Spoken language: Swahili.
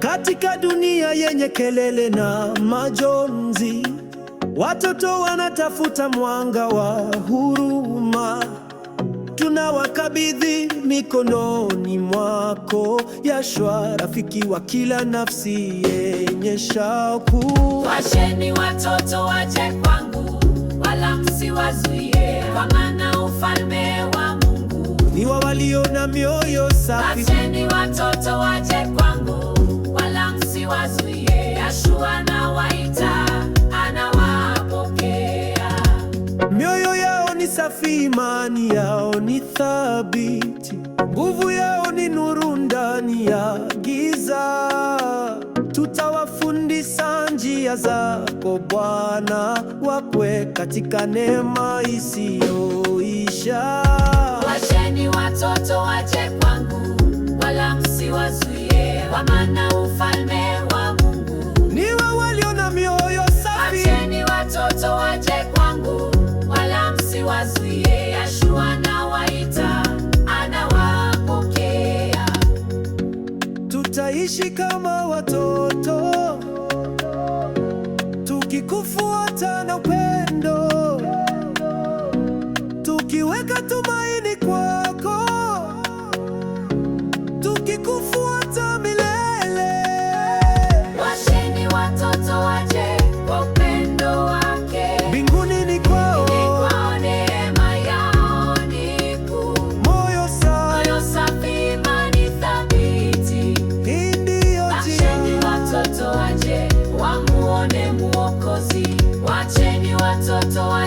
Katika dunia yenye kelele na majonzi, watoto wanatafuta mwanga wa huruma tunawakabidhi mikononi mwako, Yashua rafiki wa kila nafsi yenye shauku. Washeni watoto waje kwangu, wala msiwazuie, kwa maana ufalme wa Mungu ni wa walio na mioyo safi. Washeni watoto waje kwangu, wala msiwazuie, Yashua ni safi, imani yao ni thabiti, nguvu yao ni nuru ndani ya giza. Tutawafundisha njia zako Bwana, wakwe katika neema isiyoisha. Washeni watoto waje kwangu, wala msiwazuie, kwa maana ufalme Yeye anawaita, anawapokea. Tutaishi kama watoto tukikufuata na upendo, tukiweka tumaini kwa watoto wa